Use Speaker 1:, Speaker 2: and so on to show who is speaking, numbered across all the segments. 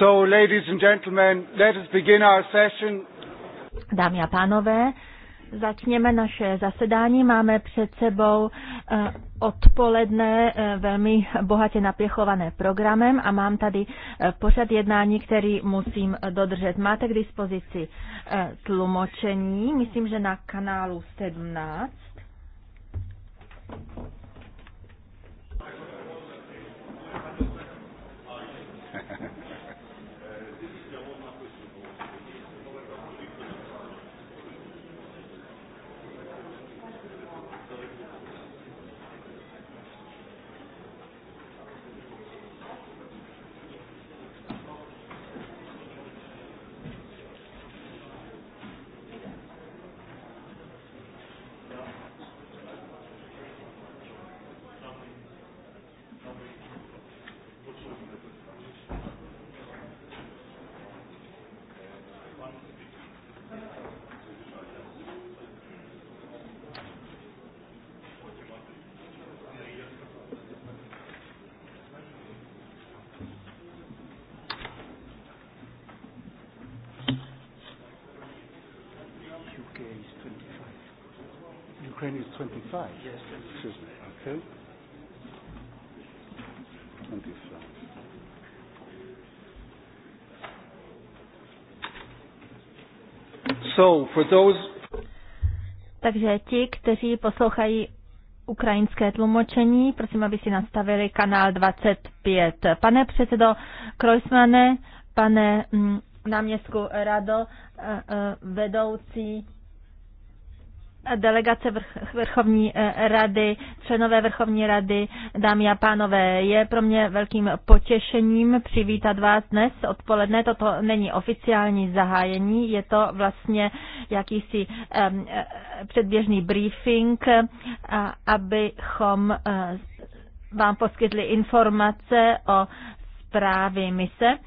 Speaker 1: So, ladies and gentlemen, let us begin our session. Dámy a pánové, začněme naše zasedání. Máme před sebou eh, odpoledne eh, velmi bohatě napěchované programem a mám tady eh, pořad jednání, který musím dodržet. Máte k dispozici tlumočení, myslím, že na kanálu 17. 25. Yes, Excuse me. Okay. 25. So, for those... Takže ti, kteří poslouchají ukrajinské tlumočení, prosím, aby si nastavili kanál 25. Pane předsedo Krojsmane, pane mm, náměstku Rado, eh, eh, vedoucí delegace vrch, vrchovní eh, rady, členové vrchovní rady, dámy a pánové, je pro mě velkým potěšením přivítat vás dnes odpoledne. Toto není oficiální zahájení, je to vlastně jakýsi um, předběžný briefing, eh, a, abychom uh, vám poskytli informace o zprávy mise.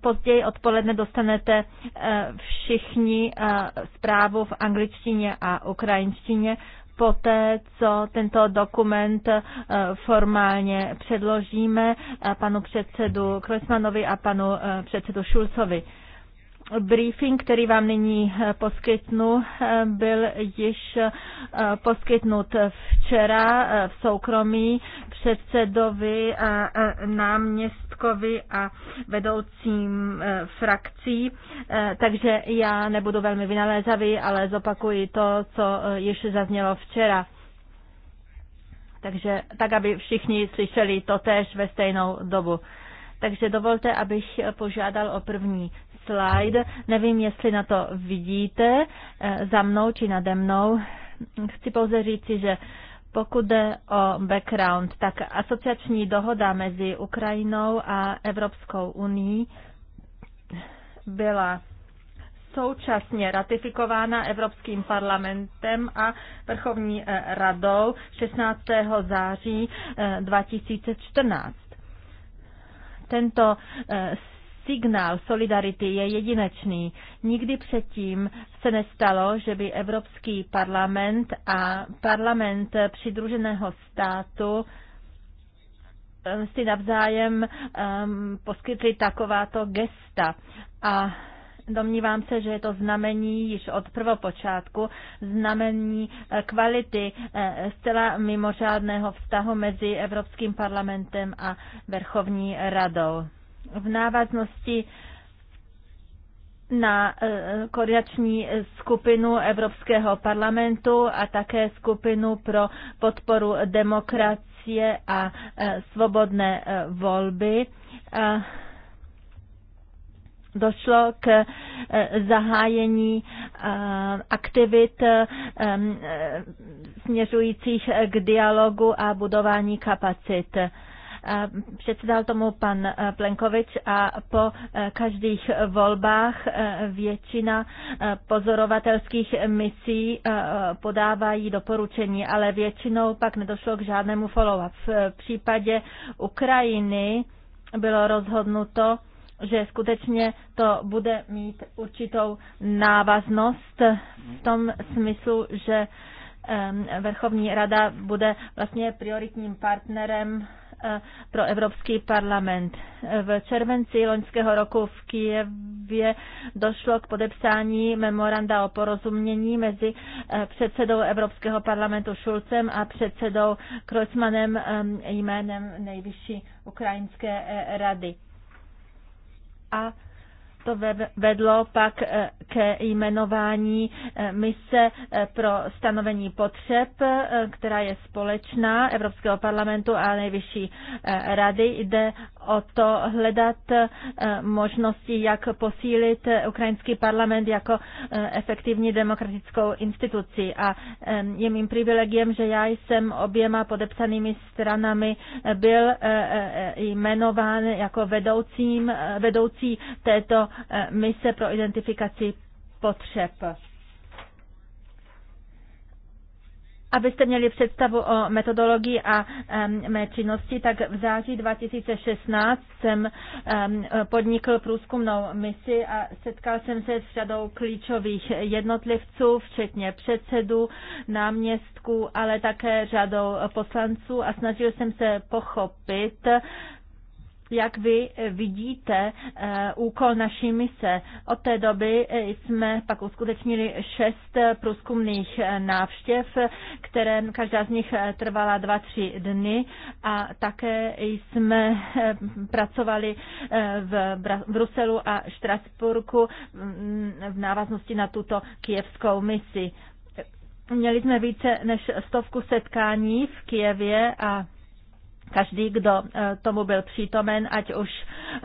Speaker 1: Později odpoledne dostanete eh, všichni eh, zprávu v angličtině a ukrajinštině poté, co tento dokument eh, formálně předložíme panu předsedu Krojsmanovi a panu předsedu Šulcovi briefing, který vám nyní eh, poskytnu, eh, byl již eh, poskytnut včera v soukromí předsedovi a náměstkovi a vedoucím frakcí, takže já nebudu velmi vynalézavý, ale zopakuji to, co již zaznělo včera. Takže tak, aby všichni slyšeli to též ve stejnou dobu. Takže dovolte, abych požádal o první slide, nevím, jestli na to vidíte, eh, za mnou či nade mnou. Chci pouze říci, že pokud jde o background, tak asociační dohoda mezi Ukrajinou a Evropskou unii byla současně ratifikována Evropským parlamentem a Vrchovní eh, radou 16. září 2014. Eh, Tento signál solidarity je jedinečný. Nikdy předtím se nestalo, že by Evropský parlament a parlament přidruženého státu eh, si navzájem um, poskytli takováto gesta. A Domnívám se, že je to znamení již od prvopočátku, znamení eh, kvality eh, zcela mimořádného vztahu mezi Evropským parlamentem a Verchovní radou v návaznosti na e, koordinační skupinu Evropského parlamentu a také skupinu pro podporu demokracie a e, svobodné e, volby došlo k zahájení aktivit směřujících k dialogu a budování kapacit. Předsedal tomu pan eh, Plenkovič a po eh, každých volbách eh, většina pozorovatelských misí podávají doporučení, ale většinou pak nedošlo k žádnému follow-up. V případě Ukrajiny bylo rozhodnuto, že skutečně to bude mít určitou návaznost v tom smyslu, že Verchovní rada bude vlastně prioritním partnerem Eh, pro Evropský parlament. Eh, v červenci loňského roku v Kijevě došlo k podepsání memoranda o porozumění mezi eh, předsedou Evropského parlamentu Šulcem a předsedou Krojcmanem jménem Nejvyšší ukrajinské rady. A to vedlo pak eh, ke jmenování eh, mise eh, pro stanovení potřeb, která je společná Evropského parlamentu a nejvyšší rady. Jde o to hledat eh, možnosti, jak posílit eh, ukrajinský parlament jako eh, efektivní demokratickou instituci. A je mým privilegiem, že já jsem oběma podepsanými stranami byl jmenován jako vedoucím, vedoucí této mise pro identifikaci potřeb. Abyste měli představu o metodologii a um, mé činnosti, tak v září 2016 jsem um, podnikl průzkumnou misi a setkal jsem se s řadou klíčových jednotlivců, včetně předsedů, náměstků, ale také řadou poslanců a snažil jsem se pochopit, jak vy eh, vidíte eh, úkol naší mise. Od té doby eh, jsme pak uskutečnili šest průzkumných návštěv, které každá z nich trvala dva, tři dny a také jsme pracovali v Bruselu a Štrasburku mm, v návaznosti na tuto kijevskou misi. Měli jsme více než stovku setkání v Kijevě a každý, kdo e, tomu byl přítomen, ať už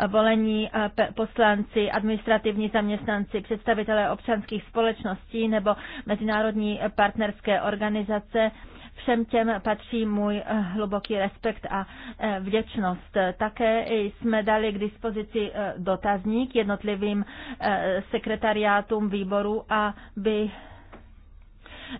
Speaker 1: volení e, poslanci, administrativní zaměstnanci, představitelé občanských společností nebo mezinárodní partnerské organizace. Všem těm patří můj e, hluboký respekt a vděčnost. Také jsme dali k dispozici dotazník jednotlivým sekretariátům výboru, aby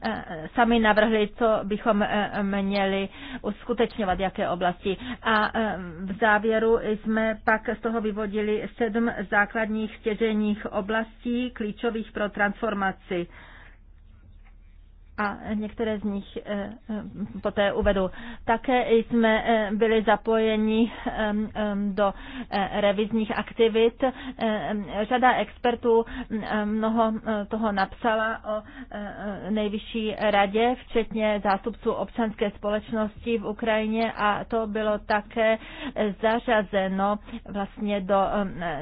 Speaker 1: Eh, sami navrhli, co bychom eh, měli uskutečňovat, jaké oblasti. A eh, v závěru jsme pak z toho vyvodili sedm základních stěžejních oblastí klíčových pro transformaci a některé z nich eh, eh, poté uvedu. Také jsme eh, byli zapojeni do revizních aktivit. Řada expertů mnoho toho napsala o nejvyšší radě, včetně zástupců občanské společnosti v Ukrajině a to bylo také zařazeno vlastně do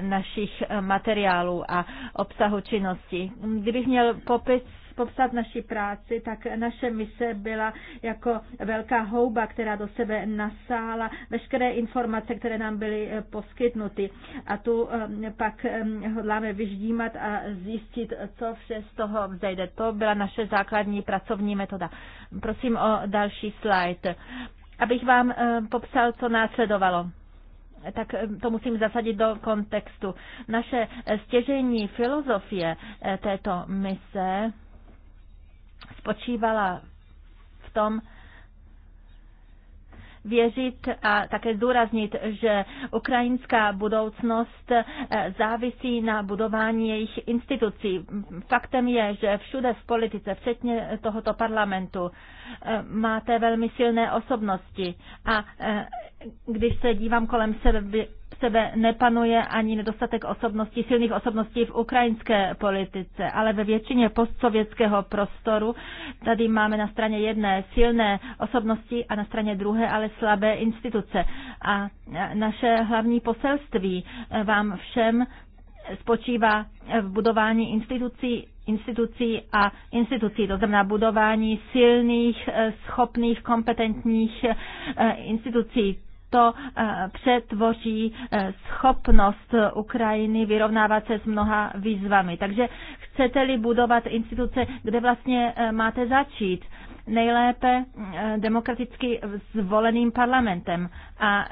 Speaker 1: našich materiálů a obsahu činnosti. Kdybych měl popis popsat naši práci, tak naše mise byla jako velká houba, která do sebe nasála veškeré informace, které nám byly eh, poskytnuty. A tu eh, pak eh, hodláme vyždímat a zjistit, co vše z toho vzejde. To byla naše základní pracovní metoda. Prosím o další slide. Abych vám popsal, co následovalo tak to musím zasadit do kontextu. Naše stěžení filozofie této mise spočívala v tom, věřit a také zdůraznit, že ukrajinská budoucnost eh, závisí na budování jejich institucí. Faktem je, že všude v politice, včetně tohoto parlamentu, eh, máte velmi silné osobnosti a eh, když se dívám kolem sebe, sebe, nepanuje ani nedostatek osobností, silných osobností v ukrajinské politice, ale ve většině postsovětského prostoru tady máme na straně jedné silné osobnosti a na straně druhé ale slabé instituce. A naše hlavní poselství eh, vám všem spočívá v budování institucí, institucí a institucí, to znamená budování silných, eh, schopných, kompetentních eh, institucí to eh, přetvoří eh, schopnost Ukrajiny vyrovnávat se s mnoha výzvami. Takže chcete-li budovat instituce, kde vlastně eh, máte začít? Nejlépe demokraticky zvoleným parlamentem a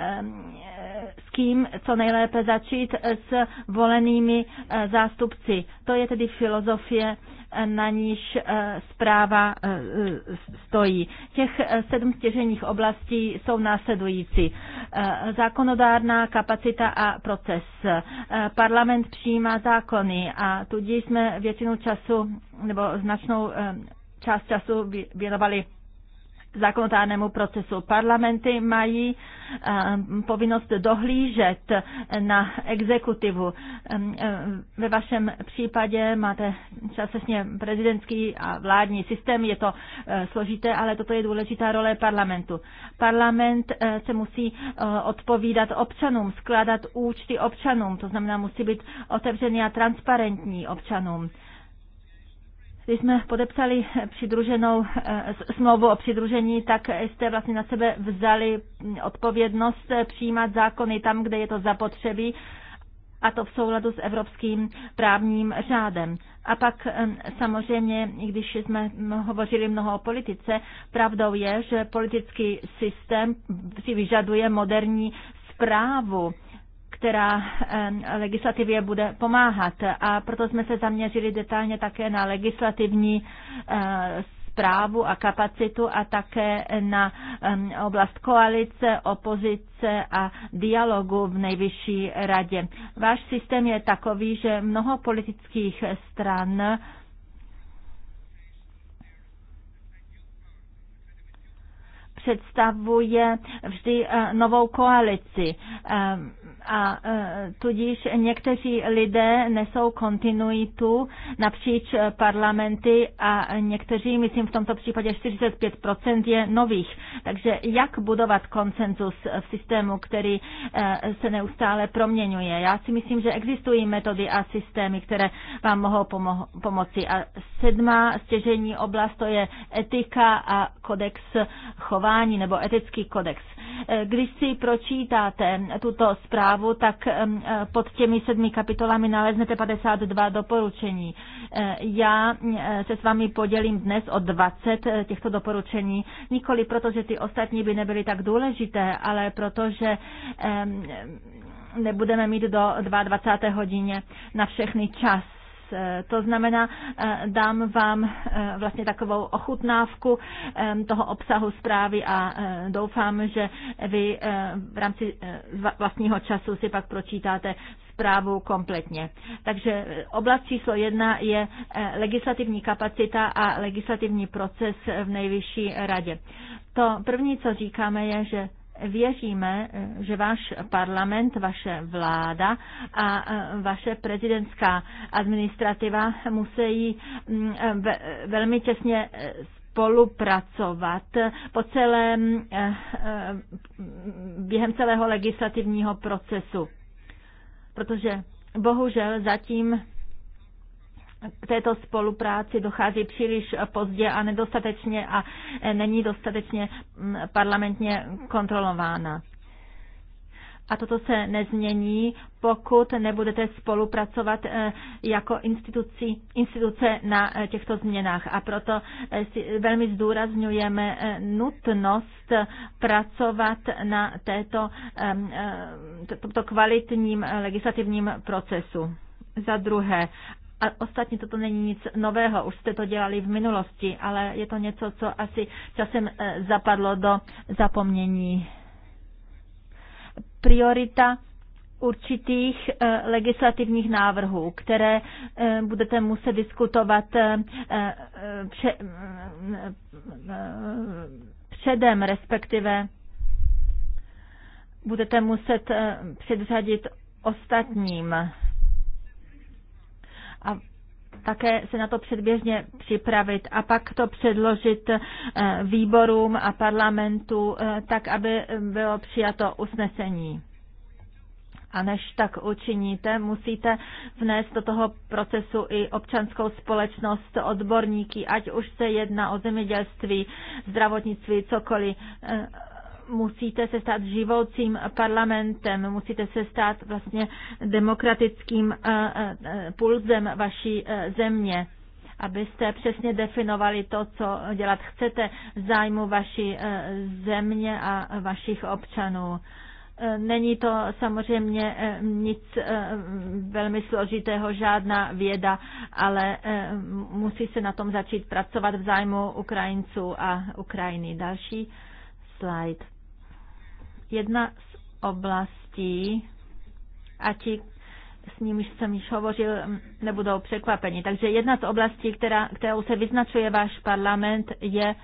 Speaker 1: s kým co nejlépe začít s volenými zástupci. To je tedy filozofie na níž eh, zpráva eh, stojí. Těch eh, sedm stěženích oblastí jsou následující. Zákonodárná kapacita a proces. Parlament přijímá zákony a tudíž jsme většinu času nebo značnou část času věnovali zákonodárnému procesu. Parlamenty mají eh, povinnost dohlížet na exekutivu. Eh, ve vašem případě máte časně prezidentský a vládní systém, je to eh, složité, ale toto je důležitá role parlamentu. Parlament se musí odpovídat občanům, skládat účty občanům, to znamená musí být otevřený a transparentní občanům. Když jsme podepsali přidruženou eh, smlouvu o přidružení, tak jste vlastně na sebe vzali odpovědnost eh, přijímat zákony tam, kde je to zapotřebí a to v souladu s evropským právním řádem. A pak eh, samozřejmě, když jsme hovořili mnoho o politice, pravdou je, že politický systém si vyžaduje moderní zprávu která legislativě bude pomáhat. A proto jsme se zaměřili detailně také na legislativní zprávu eh, a kapacitu a také na oblast koalice, opozice a dialogu v nejvyšší radě. Váš systém je takový, že mnoho politických stran představuje vždy eh, novou koalici a e, tudíž někteří lidé nesou kontinuitu napříč parlamenty a někteří, myslím v tomto případě 45% je nových. Takže jak budovat konsenzus v systému, který e, se neustále proměňuje? Já si myslím, že existují metody a systémy, které vám mohou pomo- pomoci. A sedmá stěžení oblast to je etika a kodex chování nebo etický kodex. Eh, když si pročítáte tuto zprávu, tak eh, pod těmi sedmi kapitolami naleznete 52 doporučení. Eh, já se s vámi podělím dnes o 20 těchto doporučení, nikoli proto, že ty ostatní by nebyly tak důležité, ale protože nebudeme mít do 22. hodině na všechny čas Eh, to znamená, eh, dám vám eh, vlastně takovou ochutnávku toho obsahu zprávy a doufám, že vy v rámci vlastního času si pak pročítáte zprávu kompletně. Takže oblast číslo jedna je legislativní kapacita a legislativní proces v nejvyšší radě. To první, co říkáme, je, že Věříme, že váš parlament, vaše vláda a e, vaše prezidentská administrativa musí mm, velmi těsně e, spolupracovat po celém, e, během celého legislativního procesu. Protože bohužel zatím k této spolupráci dochází příliš pozdě a nedostatečně a e, není dostatečně mm, parlamentně kontrolována. A toto se nezmění, pokud nebudete spolupracovat e, jako instituci, instituce na e, těchto změnách. A proto si velmi zdůrazňujeme nutnost pracovat na této, tomto kvalitním legislativním procesu. Za druhé, a ostatně toto není nic nového, už jste to dělali v minulosti, ale je to něco, co asi časem eh, zapadlo do zapomnění. Priorita určitých eh, legislativních návrhů, které eh, budete muset diskutovat mm, předem, respektive budete muset předřadit ostatním a také se na to předběžně připravit a pak to předložit eh, výborům a parlamentu, eh, tak aby bylo přijato usnesení. A než tak učiníte, musíte vnést do toho procesu i občanskou společnost, odborníky, ať už se jedná o zemědělství, zdravotnictví, cokoliv. Eh, musíte se stát živoucím parlamentem, musíte se stát vlastně demokratickým eh, eh, pulzem vaší eh, země abyste přesně definovali to, co dělat chcete v zájmu vaší země a vašich občanů. Není to samozřejmě nic velmi složitého, žádná věda, ale musí se na tom začít pracovat v zájmu Ukrajinců a Ukrajiny. Další slide. Jedna z oblastí, a ti s nimiž jsem již hovořil, nebudou překvapeni. Takže jedna z oblastí, která, kterou se vyznačuje váš parlament, je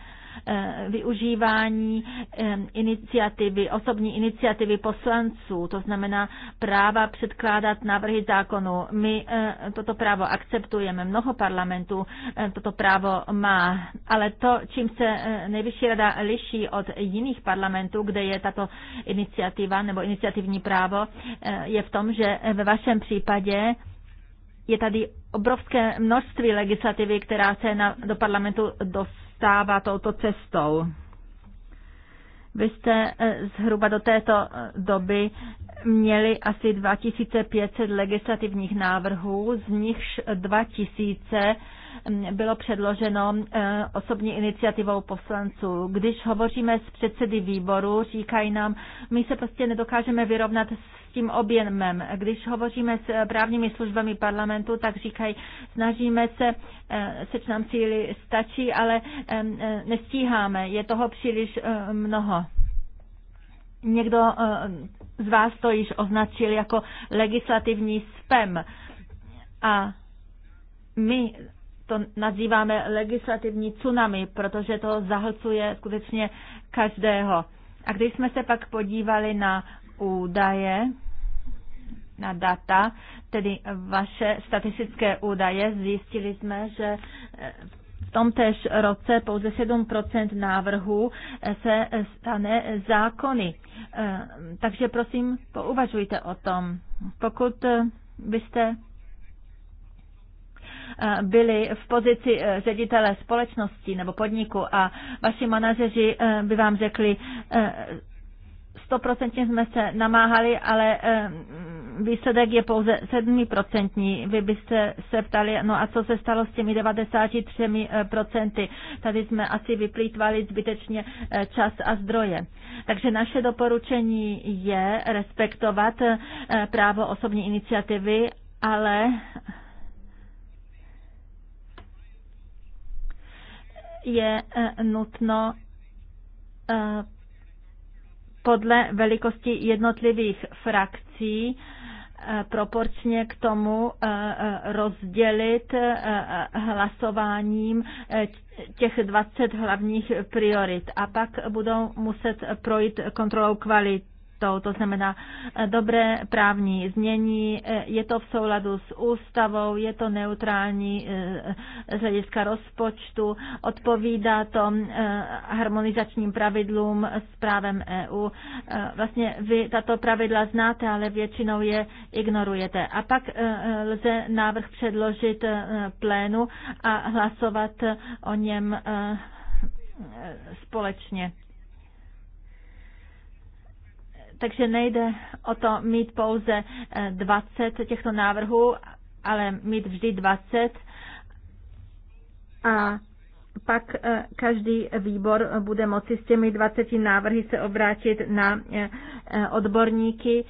Speaker 1: Eh, využívání eh, iniciativy, osobní iniciativy poslanců, to znamená práva předkládat návrhy zákonu. My eh, toto právo akceptujeme, mnoho parlamentů toto právo má, ale to, čím se nejvyšší rada liší od jiných parlamentů, kde je tato iniciativa nebo iniciativní právo, je v tom, že ve vašem případě je tady obrovské množství legislativy, která se na, do parlamentu dostává stává touto cestou. Vy jste eh, zhruba do této eh, doby měli asi 2500 legislativních návrhů, z nichž 2000 mm, bylo předloženo eh, osobní iniciativou poslanců. Když hovoříme s předsedy výboru, říkají nám, my se prostě nedokážeme vyrovnat s tím objemem. Když hovoříme s eh, právními službami parlamentu, tak říkají, snažíme se, eh, seč nám cíly stačí, ale nestíháme, je toho příliš mnoho někdo z vás to již označil jako legislativní spam. A my to nazýváme legislativní tsunami, protože to zahlcuje skutečně každého. A když jsme se pak podívali na údaje, na data, tedy vaše statistické údaje, zjistili jsme, že eh, v tomtež roce pouze 7 návrhů se stane zákony. Eh, takže prosím, pouvažujte o tom. Pokud eh, byste eh, byli v pozici ředitele společnosti nebo podniku a vaši manažeři by vám řekli, stoprocentně jsme se namáhali, ale výsledek je pouze 7%. Vy byste se ptali, no a co se stalo s těmi 93%? Tady jsme asi vyplýtvali zbytečně eh, čas a zdroje. Takže naše doporučení je respektovat eh, právo osobní iniciativy, ale je eh, nutno podle velikosti jednotlivých frakcí Eh, proporčně k tomu eh, eh, rozdělit hlasováním těch 20 hlavních priorit a pak budou muset projít kontrolou kvality to to znamená eh, dobré právní znění, eh, je to v souladu s ústavou, je to neutrální eh, z hlediska rozpočtu, odpovídá to harmonizačním pravidlům s právem EU. Vlastně vy tato pravidla znáte, ale většinou je ignorujete. A pak lze návrh předložit plénu a hlasovat o něm společně. Takže nejde o to mít pouze 20 eh, těchto návrhů, ale mít vždy 20 a pak eh, každý výbor bude moci s těmi 20 návrhy se obrátit na eh, odborníky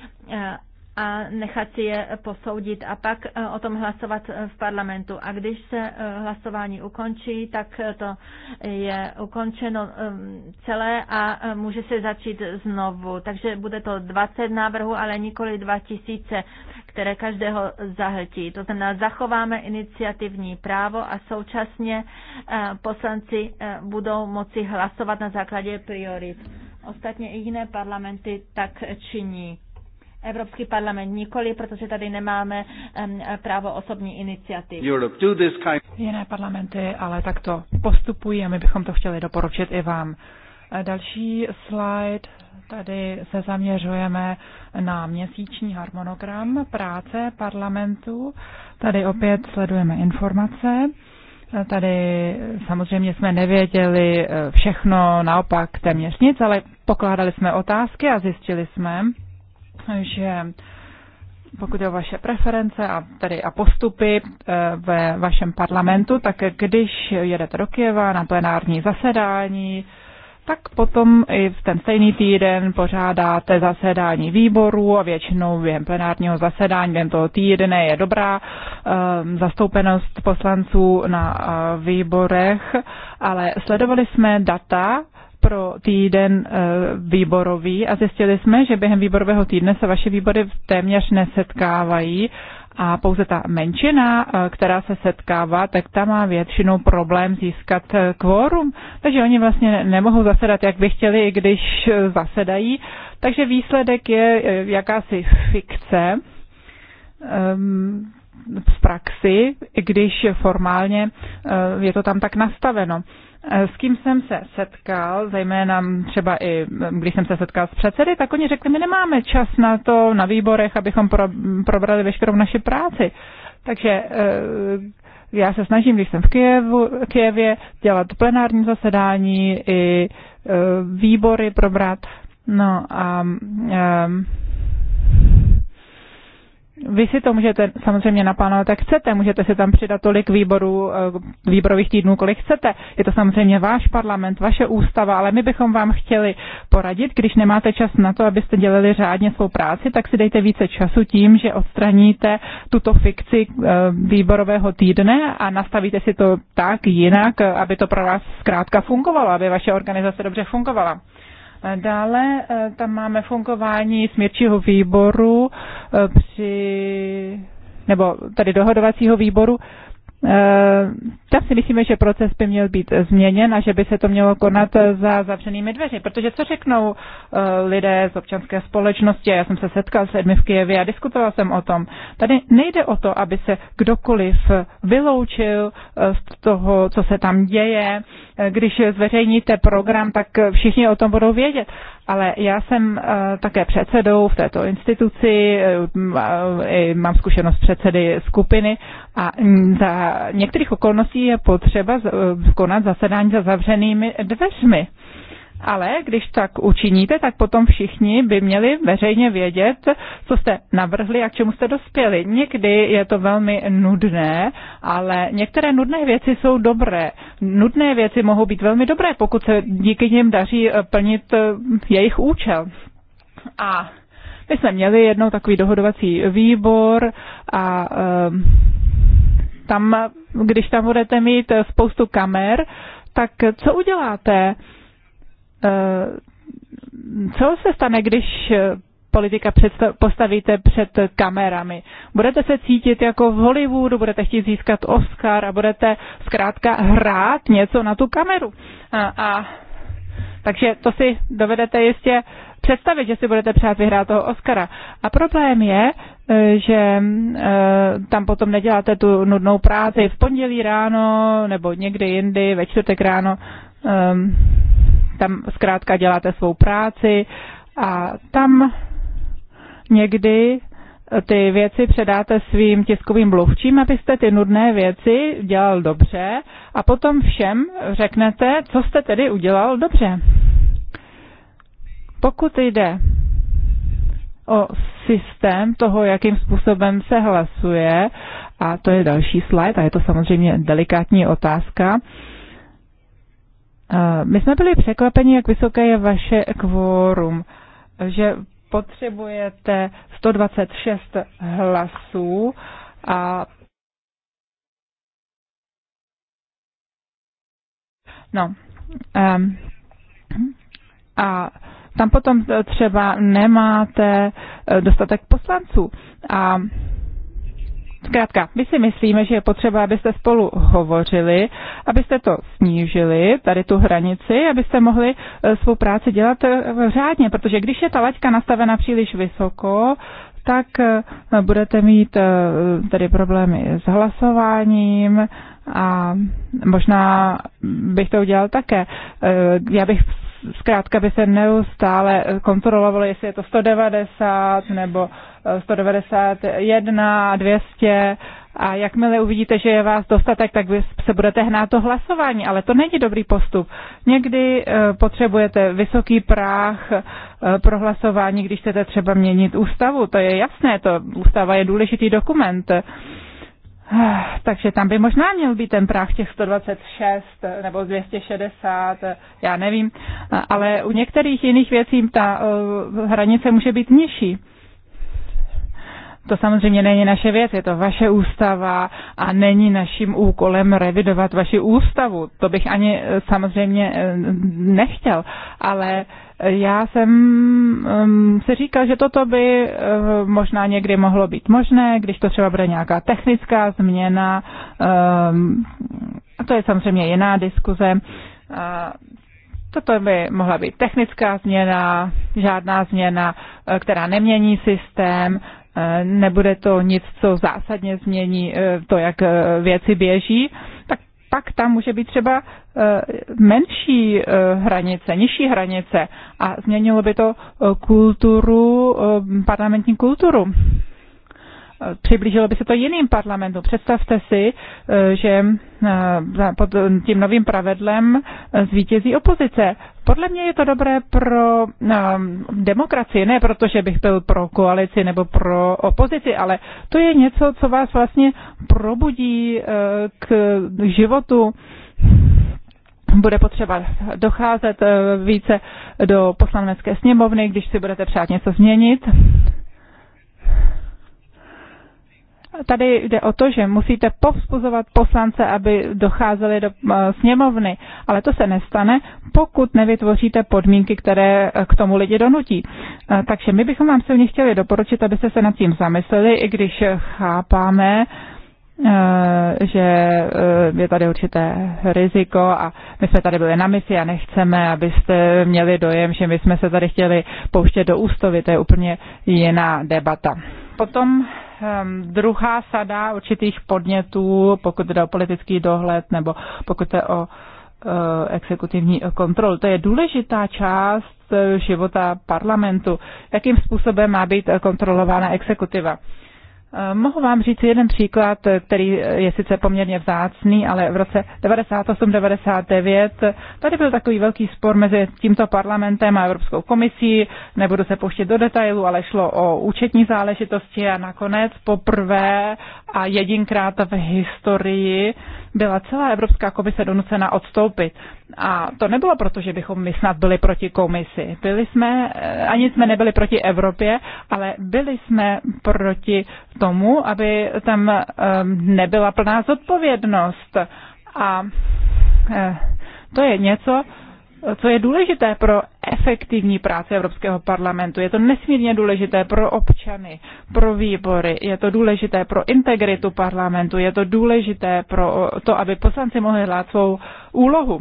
Speaker 1: a nechat si je posoudit a pak eh, o tom hlasovat eh, v parlamentu. A když se eh, hlasování ukončí, tak to je ukončeno celé a může se začít znovu. Takže bude to 20 návrhů, ale nikoli 2000, které každého zahltí. To znamená, zachováme iniciativní právo a současně poslanci budou moci hlasovat na základě priorit. Ostatně i jiné parlamenty tak činí. Evropský parlament nikoli, protože tady nemáme um, právo osobní iniciativy.
Speaker 2: Kind...
Speaker 1: Jiné parlamenty ale takto
Speaker 2: postupují a my bychom to chtěli doporučit i vám. Eh, další slide. Tady se zaměřujeme na měsíční harmonogram práce parlamentu. Tady opět sledujeme informace. Eh, tady samozřejmě jsme nevěděli eh, všechno, naopak téměř nic, ale pokládali jsme otázky a zjistili jsme, že pokud je o vaše preference a, tedy a postupy eh, ve vašem parlamentu, tak když jedete do Kieva na plenární zasedání, tak potom i v ten stejný týden pořádáte zasedání výboru a většinou během plenárního zasedání, během toho týdne je dobrá um, zastoupenost poslanců na uh, výborech, ale sledovali jsme data pro týden eh, výborový a zjistili jsme, že během výborového týdne se vaše výbory téměř nesetkávají a pouze ta menšina, eh, která se setkává, tak ta má většinou problém získat eh, kvórum. Takže oni vlastně nemohou zasedat, jak by chtěli, i když zasedají. Takže výsledek je jakási fikce ehm, v praxi, i když formálně je to tam tak nastaveno s kým jsem se setkal, zejména třeba i když jsem se setkal s předsedy, tak oni řekli, my nemáme čas na to na výborech, abychom pro, probrali veškerou naši práci. Takže eh, já se snažím, když jsem v Kijevu, Kijevě, dělat plenární zasedání i eh, výbory probrat. No a eh, vy si to můžete samozřejmě naplánovat, jak chcete, můžete si tam přidat tolik výborů, eh, výborových týdnů, kolik chcete. Je to samozřejmě váš parlament, vaše ústava, ale my bychom vám chtěli poradit, když nemáte čas na to, abyste dělali řádně svou práci, tak si dejte více času tím, že odstraníte tuto fikci eh, výborového týdne a nastavíte si to tak jinak, eh, aby to pro vás zkrátka fungovalo, aby vaše organizace dobře fungovala. Dále eh, tam máme fungování smírčího výboru eh, při nebo tady dohodovacího výboru Eh, tam si myslíme, že proces by měl být změněn a že by se to mělo konat za zavřenými dveřmi, protože co řeknou eh, lidé z občanské společnosti, já jsem se setkal s Edmi v Kijevě a diskutoval jsem o tom. Tady nejde o to, aby se kdokoliv vyloučil eh, z toho, co se tam děje. Když zveřejníte program, tak všichni o tom budou vědět ale já jsem eh, také předsedou v této instituci, eh, i mám zkušenost předsedy skupiny a za některých okolností je potřeba eh, konat zasedání za zavřenými dveřmi. Ale když tak učiníte, tak potom všichni by měli veřejně vědět, co jste navrhli a k čemu jste dospěli. Někdy je to velmi nudné, ale některé nudné věci jsou dobré. Nudné věci mohou být velmi dobré, pokud se díky nim daří eh, plnit eh, jejich účel. A my jsme měli jednou takový dohodovací výbor a eh, tam, když tam budete mít spoustu kamer, tak co uděláte? Eh, co se stane, když eh, politika představ, postavíte před kamerami. Budete se cítit jako v Hollywoodu, budete chtít získat Oscar a budete zkrátka hrát něco na tu kameru. A, a, takže to si dovedete jistě představit, že si budete přát vyhrát toho Oscara. A problém je, eh, že tam potom neděláte tu nudnou práci v pondělí ráno nebo někdy jindy, ve čtvrtek ráno. Ehm, tam zkrátka děláte svou práci a tam někdy ty věci předáte svým tiskovým mluvčím, abyste ty nudné věci dělal dobře a potom všem řeknete, co jste tedy udělal dobře. Pokud jde o systém toho, jakým způsobem se hlasuje, a to je další slide, a je to samozřejmě delikátní otázka, my jsme byli překvapeni, jak vysoké je vaše kvórum, že potřebujete 126 hlasů a No, um, a tam potom třeba nemáte eh, dostatek poslanců. A Zkrátka, my si myslíme, že je potřeba, abyste spolu hovořili, abyste to snížili, tady tu hranici, abyste mohli eh, svou práci dělat eh, řádně, protože když je ta laťka nastavena příliš vysoko, tak eh, budete mít tady problémy s hlasováním a možná bych to udělal také. Já bych zkrátka by se neustále kontrolovalo, jestli je to 190 nebo 191, eh, 200 a jakmile uvidíte, že je vás dostatek, tak vy se budete hnát to hlasování, ale to není dobrý postup. Někdy eh, potřebujete vysoký práh eh, pro hlasování, když chcete třeba měnit ústavu, to je jasné, to ústava je důležitý dokument Takže tam by možná měl být ten práh těch 126 eh, nebo 260, eh, já nevím, eh, ale u některých jiných věcí ta hranice může být nižší. To samozřejmě není naše věc, je to vaše ústava a není naším úkolem revidovat vaši ústavu. To bych ani eh, samozřejmě eh, nechtěl, ale eh, já jsem um, si říkal, že toto by uh, možná někdy mohlo být možné, když to třeba bude nějaká technická změna. Um, a to je samozřejmě jiná diskuze. Uh, toto by mohla být technická změna, žádná změna, která nemění systém, nebude to nic, co zásadně změní eh, to, jak eh, věci běží, tak pak tam může být třeba eh, menší hranice, nižší hranice a změnilo by to kulturu, parlamentní kulturu. Přiblížilo by se to jiným parlamentům. Představte si, že pod tím novým pravidlem zvítězí opozice. Podle mě je to dobré pro demokracii, ne protože bych byl pro koalici nebo pro opozici, ale to je něco, co vás vlastně probudí eh, k životu bude potřeba docházet eh, více do poslanecké sněmovny, když si budete přát něco změnit tady jde o to, že musíte povzbuzovat poslance, aby docházeli do eh, sněmovny, ale to se nestane, pokud nevytvoříte podmínky, které eh, k tomu lidi donutí. Eh, takže my bychom vám silně chtěli doporučit, abyste se nad tím zamysleli, i když chápáme, že je tady určité riziko a my jsme tady byli na misi a nechceme, abyste měli dojem, že my jsme se tady chtěli pouštět do ústavy, to je úplně jiná debata. Potom Ehm, druhá sada určitých podnětů, pokud jde o politický dohled nebo pokud jde o eh, exekutivní kontrol. To je důležitá část eh, života parlamentu. Jakým způsobem má být kontrolována exekutiva? Eh, mohu vám říct jeden příklad, eh, který eh, je sice poměrně vzácný, ale v roce 98-99 tady byl takový velký spor mezi tímto parlamentem a Evropskou komisí. Nebudu se pouštět do detailu, ale šlo o účetní záležitosti a nakonec poprvé a jedinkrát v historii byla celá Evropská komise donucena odstoupit. A to nebylo proto, že bychom my snad byli proti komisi. Byli jsme, eh, ani jsme nebyli proti Evropě, ale byli jsme proti tomu, aby tam ehm, nebyla plná zodpovědnost. A eh, to je něco, co je důležité pro efektivní práci Evropského parlamentu. Je to nesmírně důležité pro občany, pro výbory, je to důležité pro integritu parlamentu, je to důležité pro to, aby poslanci mohli hlát svou úlohu.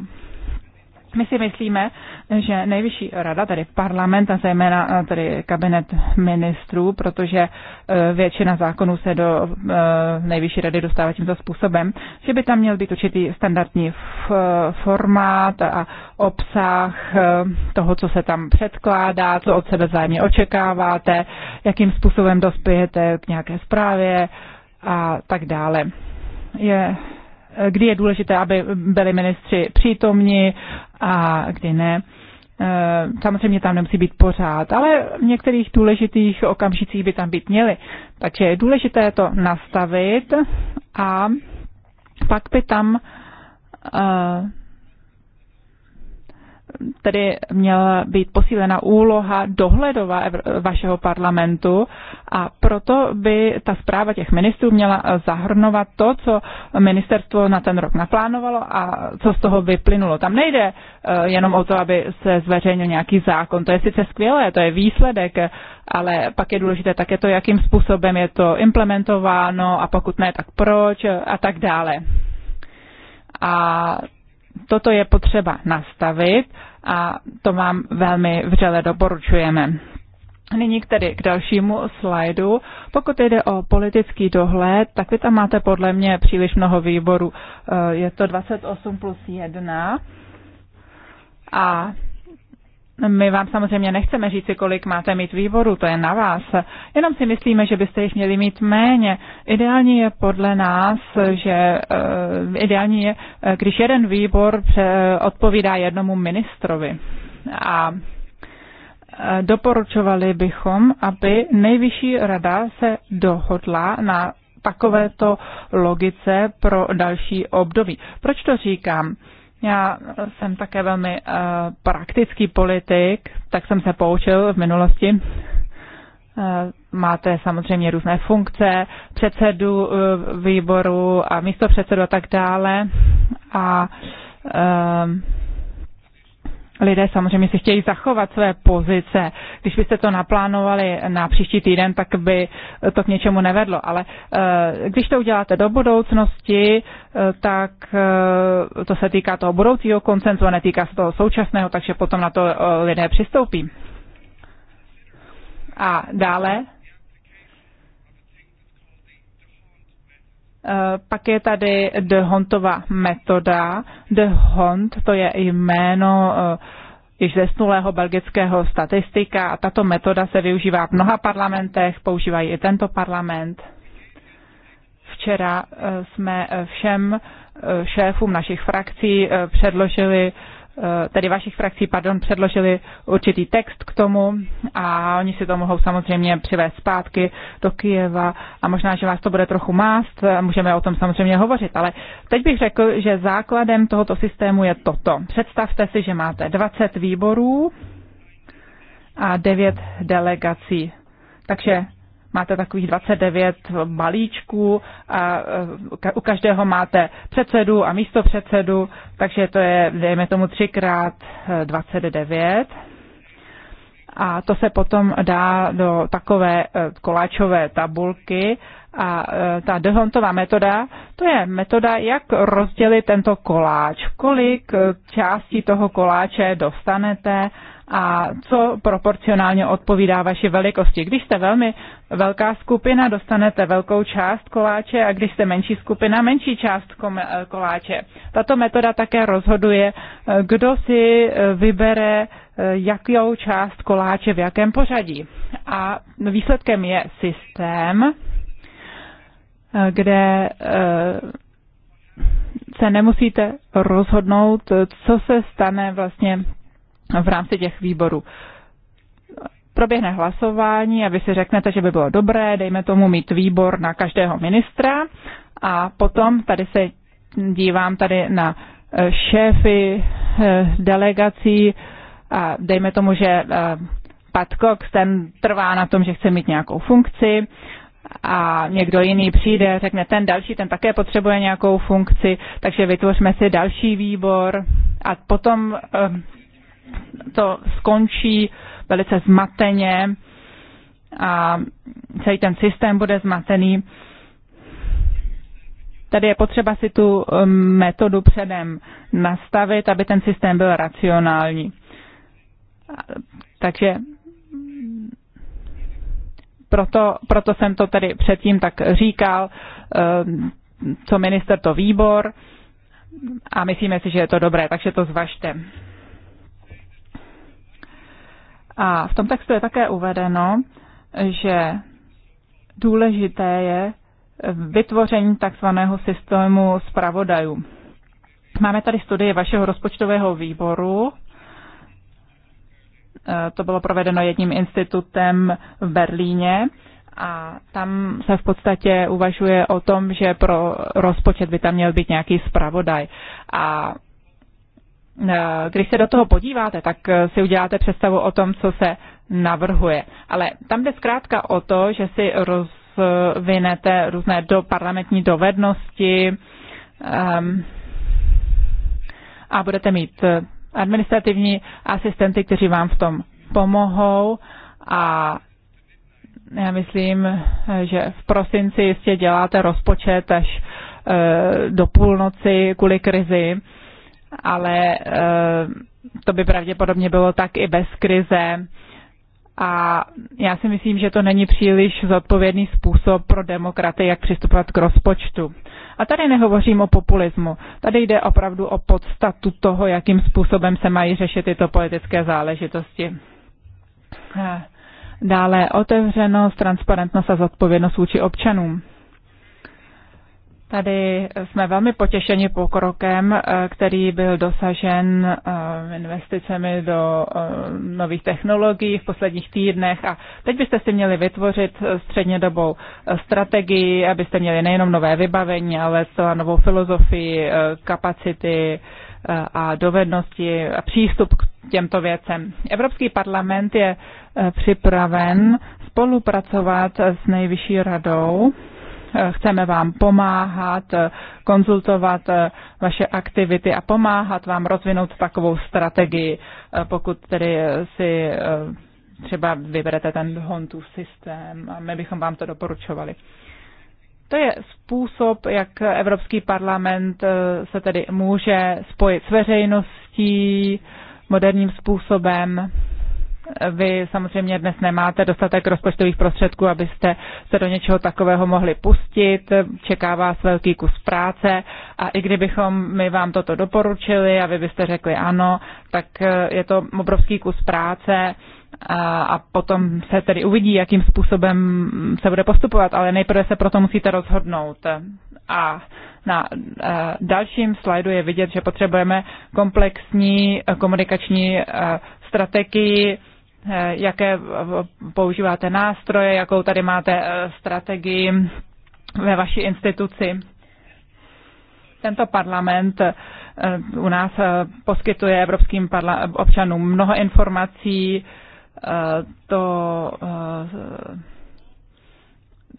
Speaker 2: My si myslíme, že nejvyšší rada, tedy parlament a zejména eh, tedy kabinet ministrů, protože eh, většina zákonů se do eh, nejvyšší rady dostává tímto způsobem, že by tam měl být určitý standardní formát a obsah toho, co se tam předkládá, co od sebe vzájemně očekáváte, jakým způsobem dospějete k nějaké zprávě a tak dále. Je kdy je důležité, aby byli ministři přítomni, a kdy ne. E, samozřejmě tam nemusí být pořád, ale v některých důležitých okamžicích by tam být měly. Takže je důležité to nastavit a pak by tam e, tedy měla být posílena úloha dohledová vašeho parlamentu a proto by ta zpráva těch ministrů měla zahrnovat to, co ministerstvo na ten rok naplánovalo a co z toho vyplynulo. Tam nejde eh, jenom o to, aby se zveřejnil nějaký zákon. To je sice skvělé, to je výsledek, ale pak je důležité také to, jakým způsobem je to implementováno a pokud ne, tak proč a tak dále. A toto je potřeba nastavit a to vám velmi vřele doporučujeme. Nyní k tedy k dalšímu slajdu. Pokud jde o politický dohled, tak vy tam máte podle mě příliš mnoho výborů. E, je to 28 plus 1. A my vám samozřejmě nechceme říci, kolik máte mít výborů, to je na vás. Jenom si myslíme, že byste jich měli mít méně. Ideální je podle nás, že uh, ideální je, eh, když jeden výbor pře- eh, odpovídá jednomu ministrovi. A doporučovali bychom, aby nejvyšší rada se dohodla na takovéto logice pro další období. Proč to říkám? Já jsem také velmi uh, praktický politik, tak jsem se poučil v minulosti. Uh, máte samozřejmě různé funkce, předsedu uh, výboru a místo předsedu a tak dále. A uh, lidé samozřejmě si chtějí zachovat své pozice. Když byste to naplánovali na příští týden, tak by to k něčemu nevedlo. Ale eh, když to uděláte do budoucnosti, eh, tak eh, to se týká toho budoucího koncenzu a netýká se toho současného, takže potom na to lidé přistoupí. A dále Eh, pak je tady de Hontova metoda. De Hont to je jméno eh, již zesnulého belgického statistika a tato metoda se využívá v mnoha parlamentech, používají i tento parlament. Včera eh, jsme všem šéfům našich frakcí předložili Eh, tedy vašich frakcí, pardon, předložili určitý text k tomu a oni si to mohou samozřejmě přivést zpátky do Kijeva a možná, že vás to bude trochu mást, eh, můžeme o tom samozřejmě hovořit, ale teď bych řekl, že základem tohoto systému je toto. Představte si, že máte 20 výborů a 9 delegací. Takže máte takových 29 balíčků a e, u každého máte předsedu a místo předsedu, takže to je, dejme tomu, 3x29 e, a to se potom dá do takové e, koláčové tabulky a ta dehontová metoda, to je metoda, jak rozdělit tento koláč, kolik částí toho koláče dostanete a co proporcionálně odpovídá vaší velikosti. Když jste velmi velká skupina, dostanete velkou část koláče a když jste menší skupina, menší část eh, koláče. Tato metoda také rozhoduje, eh, kdo si eh, vybere jakou část koláče v jakém pořadí. A výsledkem je systém, kde se nemusíte rozhodnout, co se stane vlastně v rámci těch výborů. Proběhne hlasování a vy si řeknete, že by bylo dobré, dejme tomu, mít výbor na každého ministra a potom tady se dívám tady na eh, šéfy eh, delegací a dejme tomu, že eh, Pat Cox, ten trvá na tom, že chce mít nějakou funkci a někdo jiný přijde, řekne ten další, ten také potřebuje nějakou funkci, takže vytvořme si další výbor a potom to skončí velice zmateně a celý ten systém bude zmatený. Tady je potřeba si tu um, metodu předem nastavit, aby ten systém byl racionální. Takže proto, proto jsem to tady předtím tak říkal, um, co minister to výbor a myslíme si, že je to dobré, takže to zvažte. A v tom textu je také uvedeno, že důležité je vytvoření takzvaného systému zpravodajů. Máme tady studii vašeho rozpočtového výboru. E, to bylo provedeno jedním institutem v Berlíně a tam se v podstatě uvažuje o tom, že pro rozpočet by tam měl být nějaký zpravodaj. A Eh, když se do toho podíváte, tak eh, si uděláte představu o tom, co se navrhuje. Ale tam jde zkrátka o to, že si rozvinete různé do parlamentní dovednosti um, a budete mít eh, administrativní asistenty, kteří vám v tom pomohou a já myslím, že v prosinci jistě děláte rozpočet až do půlnoci kvůli krizi ale eh, to by pravděpodobně bylo tak i bez krize. A já si myslím, že to není příliš zodpovědný způsob pro demokraty, jak přistupovat k rozpočtu. A tady nehovořím o populismu. Tady jde opravdu o podstatu toho, jakým způsobem se mají řešit tyto politické záležitosti. Eh, dále otevřenost, transparentnost a zodpovědnost vůči občanům. Tady jsme velmi potěšeni pokrokem, eh, který byl dosažen eh, investicemi do eh, nových technologií v posledních týdnech. A teď byste si měli vytvořit střednědobou strategii, abyste měli nejenom nové vybavení, ale celá novou filozofii, kapacity a dovednosti a přístup k těmto věcem. Evropský parlament je připraven spolupracovat s nejvyšší radou chceme vám pomáhat, konzultovat eh, vaše aktivity a pomáhat vám rozvinout takovou strategii, eh, pokud tedy eh, si třeba vyberete ten hontu systém a my bychom vám to doporučovali. To je způsob, jak Evropský parlament se tedy může spojit s veřejností moderním způsobem vy samozřejmě dnes nemáte dostatek rozpočtových prostředků, abyste se do něčeho takového mohli pustit. Čeká vás velký kus práce a i kdybychom my vám toto doporučili a vy byste řekli ano, tak eh, je to obrovský kus práce a potom se tedy uvidí, jakým způsobem se bude postupovat, ale nejprve se proto musíte rozhodnout. A na eh, dalším slajdu je vidět, že potřebujeme komplexní eh, komunikační strategii Eh, jaké eh, používáte nástroje, jakou tady máte eh, strategii ve vaší instituci. Tento parlament u nás poskytuje evropským občanům mnoho informací. To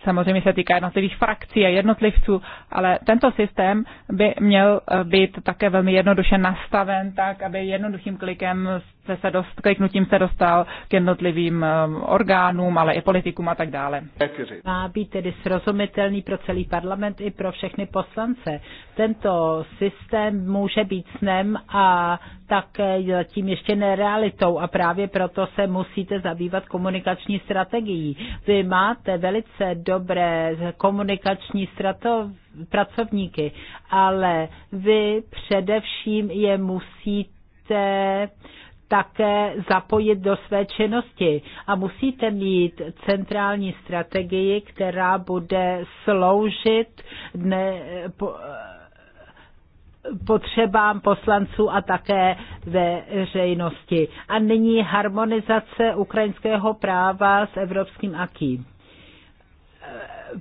Speaker 2: samozřejmě se týká jednotlivých frakcí a jednotlivců, ale tento systém by měl být také velmi jednoduše nastaven tak, aby jednoduchým klikem se dost, kliknutím se dostal k jednotlivým um, orgánům, ale i politikům a tak dále. Má
Speaker 3: být tedy srozumitelný pro celý parlament i pro všechny poslance. Tento systém může být snem a tak tím ještě nerealitou a právě proto se musíte zabývat komunikační strategií. Vy máte velice dobré komunikační strategie, pracovníky, ale vy především je musíte také zapojit do své činnosti a musíte mít centrální strategii, která bude sloužit dne, po, potřebám poslanců a také veřejnosti. A nyní harmonizace ukrajinského práva s evropským aký.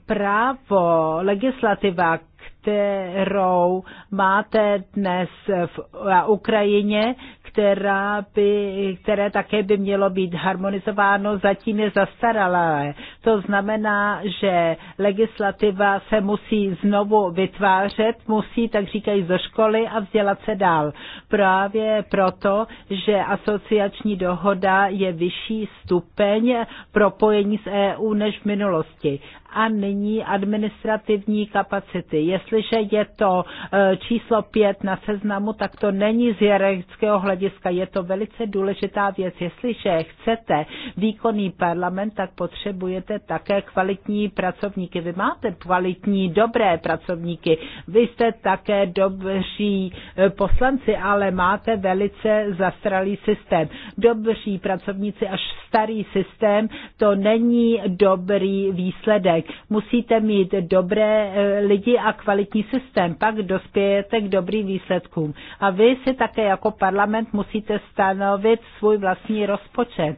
Speaker 3: Právo, legislativa, kterou máte dnes v Ukrajině, která by, které také by mělo být harmonizováno, zatím je zastaralé. To znamená, že legislativa se musí znovu vytvářet, musí, tak říkají, ze školy a vzdělat se dál. Právě proto, že asociační dohoda je vyšší stupeň propojení s EU než v minulosti a nyní administrativní kapacity. Jestliže je to e, číslo pět na seznamu, tak to není z hierarchického hlediska. Je to velice důležitá věc. Jestliže chcete výkonný parlament, tak potřebujete také kvalitní pracovníky. Vy máte kvalitní, dobré pracovníky. Vy jste také dobří e, poslanci, ale máte velice zastralý systém. Dobří pracovníci až starý systém, to není dobrý výsledek. Musíte mít dobré eh, lidi a kvalitní systém, pak dospějete k dobrým výsledkům. A vy si také jako parlament musíte stanovit svůj vlastní rozpočet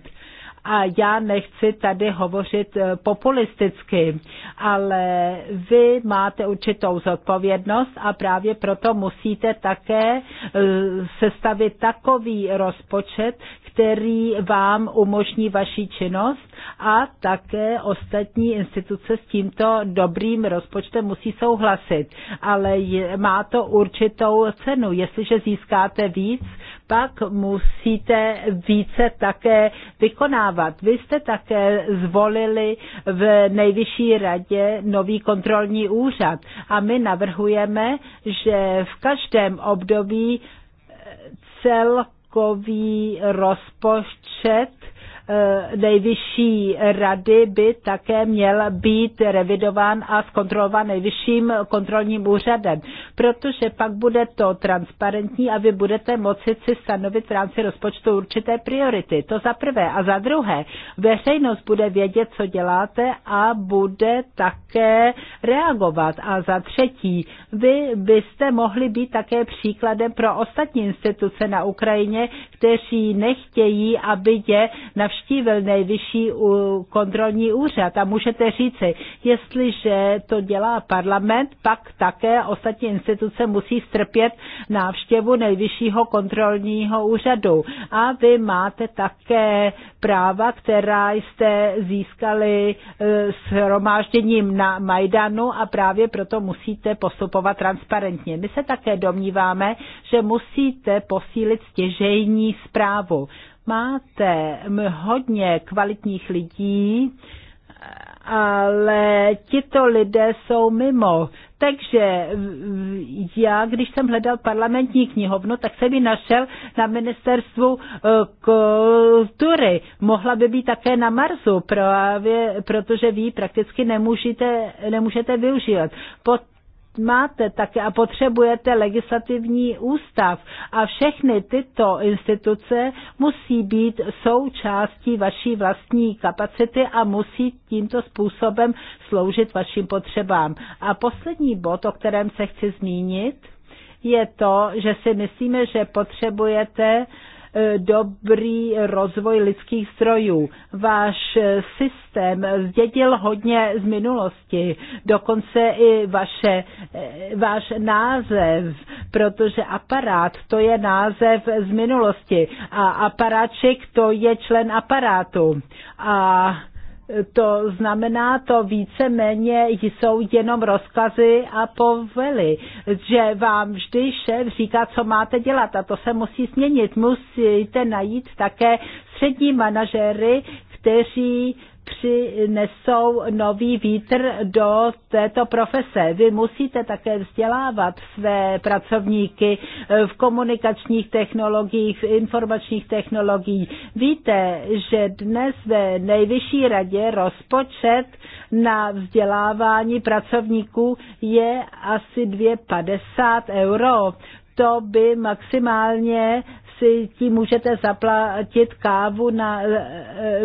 Speaker 3: a já nechci tady hovořit eh, populisticky, ale vy máte určitou zodpovědnost a právě proto musíte také eh, sestavit takový rozpočet, který vám umožní vaši činnost a také ostatní instituce s tímto dobrým rozpočtem musí souhlasit. Ale má to určitou cenu. Jestliže získáte víc, pak musíte více také vykonávat. Vy jste také zvolili v nejvyšší radě nový kontrolní úřad a my navrhujeme, že v každém období celkově celkový rozpočet Eh, nejvyšší rady by také měl být revidován a zkontrolován nejvyšším kontrolním úřadem, protože pak bude to transparentní a vy budete moci si stanovit v rámci rozpočtu určité priority. To za prvé. A za druhé, veřejnost bude vědět, co děláte a bude také reagovat. A za třetí, vy byste mohli být také příkladem pro ostatní instituce na Ukrajině, kteří nechtějí, aby je navštěvovali navštívil nejvyšší kontrolní úřad a můžete říci, jestliže to dělá parlament, pak také ostatní instituce musí strpět návštěvu nejvyššího kontrolního úřadu. A vy máte také práva, která jste získali e, s hromážděním na Majdanu a právě proto musíte postupovat transparentně. My se také domníváme, že musíte posílit stěžejní zprávu máte hodně kvalitních lidí, ale tito lidé jsou mimo. Takže já, když jsem hledal parlamentní knihovnu, tak jsem ji našel na ministerstvu e, kultury. Mohla by být také na Marsu, právě protože vy ji prakticky nemůžete, nemůžete využívat. Pot, máte také a potřebujete legislativní ústav a všechny tyto instituce musí být součástí vaší vlastní kapacity a musí tímto způsobem sloužit vašim potřebám. A poslední bod, o kterém se chci zmínit, je to, že si myslíme, že potřebujete E, dobrý rozvoj lidských strojů. Váš systém zdědil hodně z minulosti, dokonce i vaše, e, váš název, protože aparát to je název z minulosti a aparáček to je člen aparátu. A to znamená, to víceméně jsou jenom rozkazy a povely, že vám vždy šéf říká, co máte dělat a to se musí změnit. Musíte najít také střední manažery, kteří přinesou nový vítr do této profese. Vy musíte také vzdělávat své pracovníky v komunikačních technologiích, v informačních technologiích. Víte, že dnes ve nejvyšší radě rozpočet na vzdělávání pracovníků je asi 250 euro to by maximálně si tím můžete zaplatit kávu na,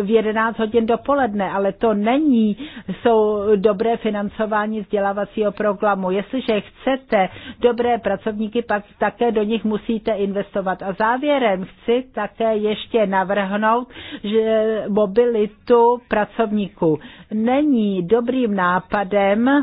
Speaker 3: v 11 hodin dopoledne, ale to není jsou dobré financování vzdělávacího programu. Jestliže chcete dobré pracovníky, pak také do nich musíte investovat. A závěrem chci také ještě navrhnout že mobilitu pracovníků není dobrým nápadem eh,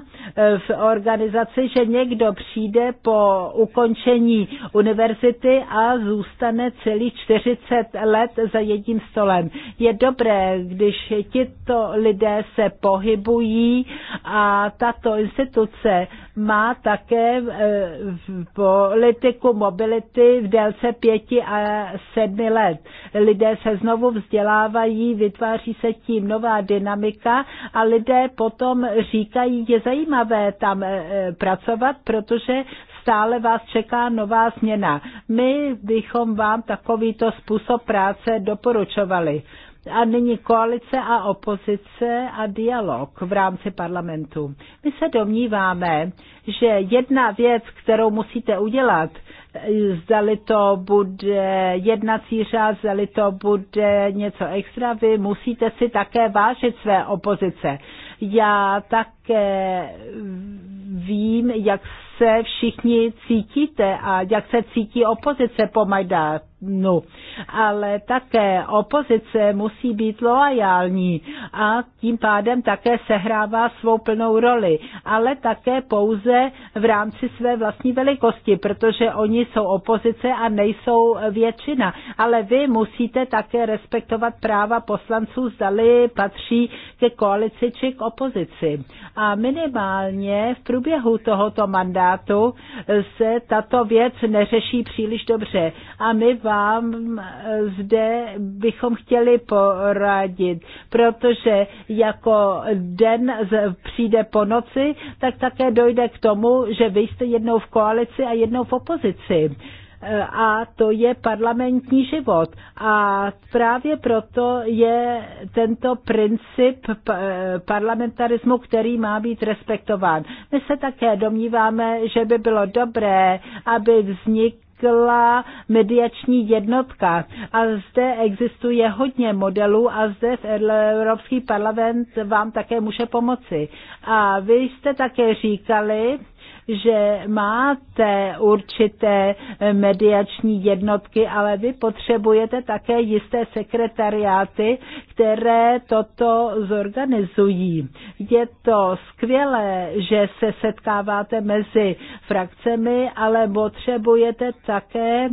Speaker 3: v organizaci, že někdo přijde po ukončení univerzity a zůstane celý 40 let za jedním stolem. Je dobré, když tito lidé se pohybují a tato instituce má také eh, politiku mobility v délce pěti a sedmi let. Lidé se znovu vzdělávají, vytváří se tím nová dynamika a lidé potom říkají, je zajímavé tam e, e, pracovat, protože stále vás čeká nová změna. My bychom vám takovýto způsob práce doporučovali. A nyní koalice a opozice a dialog v rámci parlamentu. My se domníváme, že jedna věc, kterou musíte udělat, zdali to bude jednací řád, zdali to bude něco extra, vy musíte si také vážit své opozice. Já také vím, jak se všichni cítíte a jak se cítí opozice po Majdáku. No, Ale také opozice musí být loajální a tím pádem také sehrává svou plnou roli, ale také pouze v rámci své vlastní velikosti, protože oni jsou opozice a nejsou většina. Ale vy musíte také respektovat práva poslanců, zdali patří ke koalici či k opozici. A minimálně v průběhu tohoto mandátu se tato věc neřeší příliš dobře. A my vám vám eh, zde bychom chtěli poradit, protože jako den přijde po noci, tak také dojde k tomu, že vy jste jednou v koalici a jednou v opozici eh, a to je parlamentní život. A právě proto je tento princip eh, parlamentarismu, který má být respektován. My se také domníváme, že by bylo dobré, aby vznik vznikla mediační jednotka. A zde existuje hodně modelů a zde v Evropský parlament vám také může pomoci. A vy jste také říkali, že máte určité mediační jednotky, ale vy potřebujete také jisté sekretariáty, které toto zorganizují. Je to skvělé, že se setkáváte mezi frakcemi, ale potřebujete také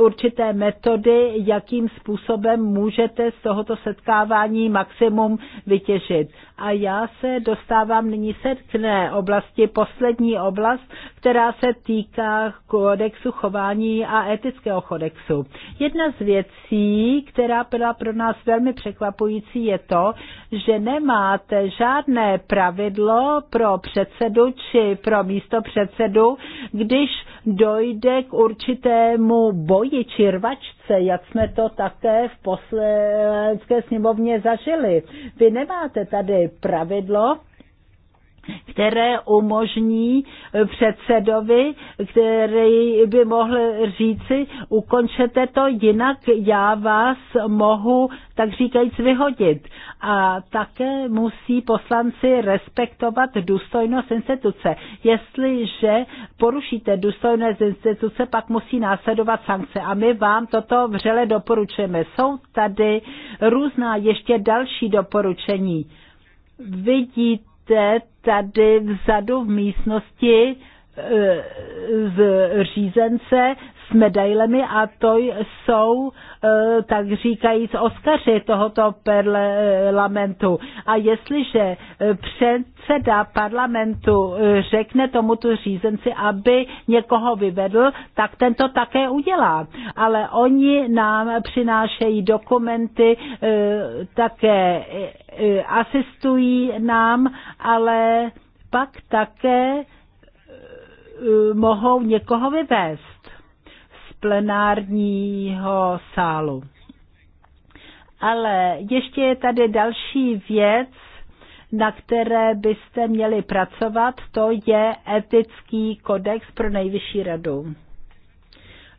Speaker 3: určité metody, jakým způsobem můžete z tohoto setkávání maximum vytěžit. A já se dostávám nyní se k ne oblasti, poslední oblast, která se týká kodexu chování a etického kodexu. Jedna z věcí, která byla pro nás velmi překvapující, je to, že nemáte žádné pravidlo pro předsedu či pro místo předsedu, když dojde k určitému boji či rvačce korupce, jak jsme to také v poslanecké sněmovně zažili. Vy nemáte tady pravidlo, které umožní eh, předsedovi, který by mohl říci, ukončete to, jinak já vás mohu, tak říkajíc, vyhodit. A také musí poslanci respektovat důstojnost instituce. Jestliže porušíte důstojnost instituce, pak musí následovat sankce. A my vám toto vřele doporučujeme. Jsou tady různá ještě další doporučení. Vidíte, máte tady vzadu v místnosti eh, z řízence medailemi a to jsou, eh, tak říkajíc, oskaři tohoto parlamentu. A jestliže eh, předseda parlamentu eh, řekne tomuto řízenci, aby někoho vyvedl, tak ten to také udělá. Ale oni nám přinášejí dokumenty, také asistují nám, ale pak také mohou někoho vyvést plenárního sálu. Ale ještě je tady další věc, na které byste měli pracovat, to je etický kodex pro nejvyšší radu.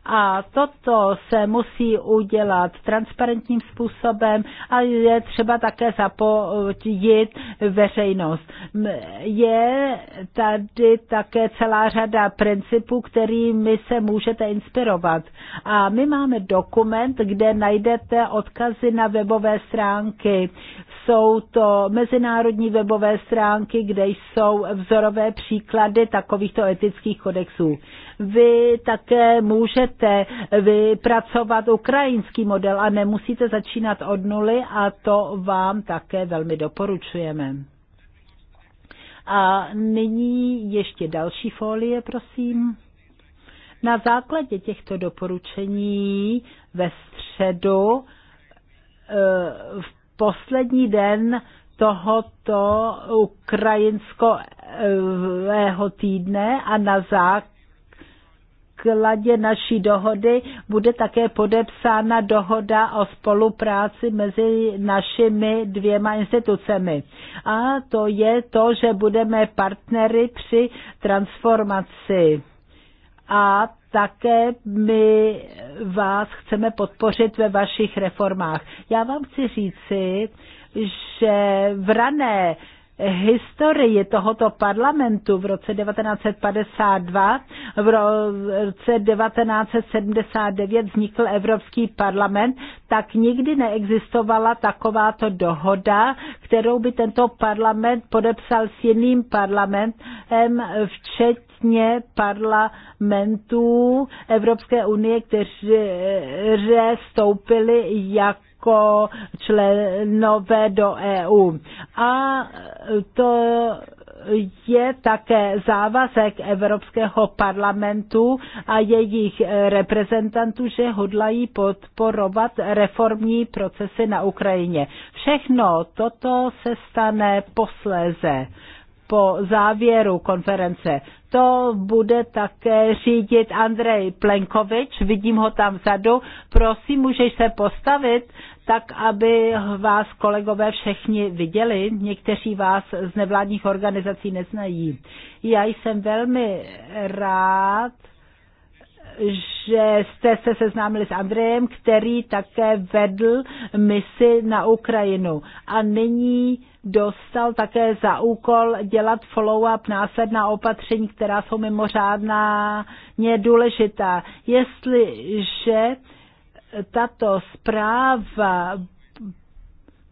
Speaker 3: A toto se musí udělat transparentním způsobem a je třeba také zapojit veřejnost. Je tady také celá řada principů, kterými se můžete inspirovat. A my máme dokument, kde najdete odkazy na webové stránky. Jsou to mezinárodní webové stránky, kde jsou vzorové příklady takovýchto etických kodexů. Vy také můžete vypracovat ukrajinský model a nemusíte začínat od nuly a to vám také velmi doporučujeme. A nyní ještě další folie, prosím. Na základě těchto doporučení ve středu eh, v poslední den tohoto ukrajinského eh, týdne a na zák základě naší dohody bude také podepsána dohoda o spolupráci mezi našimi dvěma institucemi. A to je to, že budeme partnery při transformaci. A také my vás chceme podpořit ve vašich reformách. Já vám chci říci, že v rané historii tohoto parlamentu v roce 1952, v roce 1979 vznikl Evropský parlament, tak nikdy neexistovala takováto dohoda, kterou by tento parlament podepsal s jiným parlamentem, včetně parlamentů Evropské unie, kteří vstoupili jako jako členové do EU. A to je také závazek Evropského parlamentu a jejich reprezentantů, že hodlají podporovat reformní procesy na Ukrajině. Všechno toto se stane posléze po závěru konference to bude také řídit Andrej Plenkovič, vidím ho tam vzadu. Prosím, můžeš se postavit, tak aby vás kolegové všichni viděli. Někteří vás z nevládních organizací neznají. Já jsem velmi rád, že jste se seznámili s Andrejem, který také vedl misi na Ukrajinu a nyní dostal také za úkol dělat follow-up následná opatření, která jsou mimořádně důležitá. Jestliže tato zpráva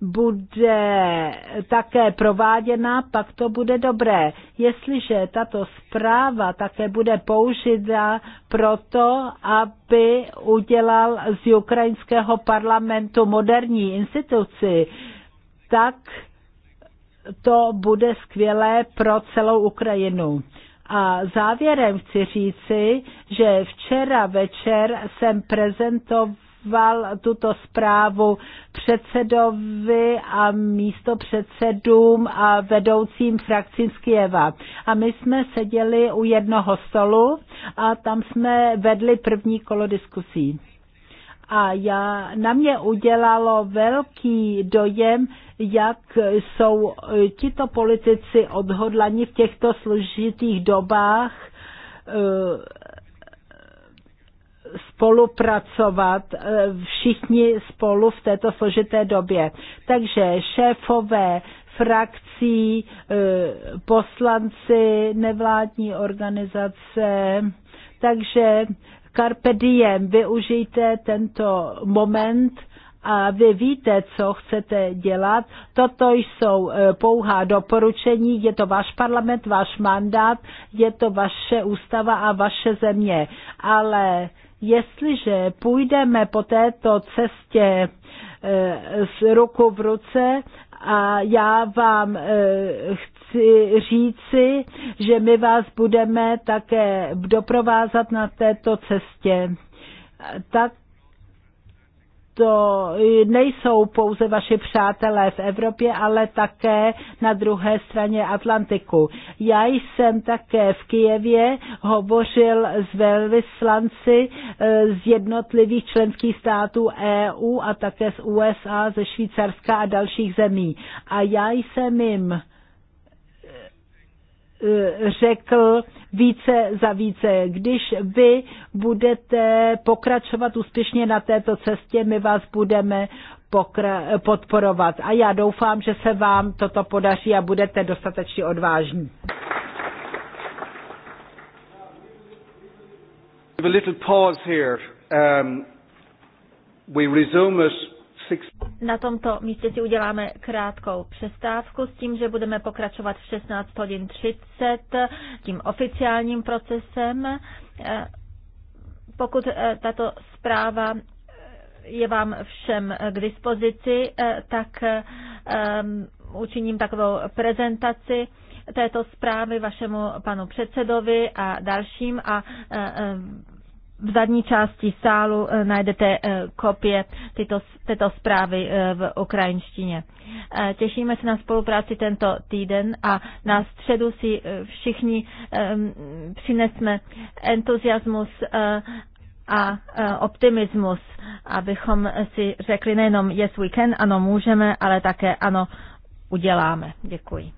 Speaker 3: bude také prováděna, pak to bude dobré. Jestliže tato zpráva také bude použita pro to, aby udělal z ukrajinského parlamentu moderní instituci, tak to bude skvělé pro celou Ukrajinu. A závěrem chci říci, že včera večer jsem prezentoval poslal tuto zprávu předsedovi a místo předsedům a vedoucím frakcím z Kieva. A my jsme seděli u jednoho stolu a tam jsme vedli první kolo diskusí. A já, na mě udělalo velký dojem, jak jsou eh, tito politici odhodlani v těchto složitých dobách eh, spolupracovat eh, všichni spolu v této složité době. Takže šéfové frakcí, eh, poslanci, nevládní organizace. Takže Carpe diem, využijte tento moment, a vy víte, co chcete dělat. Toto jsou eh, pouhá doporučení, je to váš parlament, váš mandát, je to vaše ústava a vaše země. Ale Jestliže půjdeme po této cestě eh, z ruku v ruce, a já vám eh, chci říci, že my vás budeme také doprovázat na této cestě, tak to nejsou pouze vaši přátelé v Evropě, ale také na druhé straně Atlantiku. Já jsem také v Kijevě hovořil s velvyslanci eh, z jednotlivých členských států EU a také z USA, ze Švýcarska a dalších zemí. A já jsem jim Eh, řekl více za více. Když vy budete pokračovat úspěšně na této cestě, my vás budeme podporovat. A já doufám, že se vám toto podaří a budete dostatečně odvážní. a little pause
Speaker 1: here. Um, we resume it na tomto místě si uděláme krátkou přestávku s tím, že budeme pokračovat v 16 hodin 30 tím oficiálním procesem. Pokud eh, tato zpráva eh, je vám všem eh, k dispozici, tak ehm, učiním takovou prezentaci této zprávy vašemu panu předsedovi a dalším a v zadní části sálu eh, najdete eh, kopie tyto, této zprávy eh, v ukrajinštině. Těšíme se na spolupráci tento týden a na středu si všichni ehm, přinesme entuziasmus a optimismus, abychom si řekli nejenom yes we can, ano můžeme, ale také ano uděláme. Děkuji.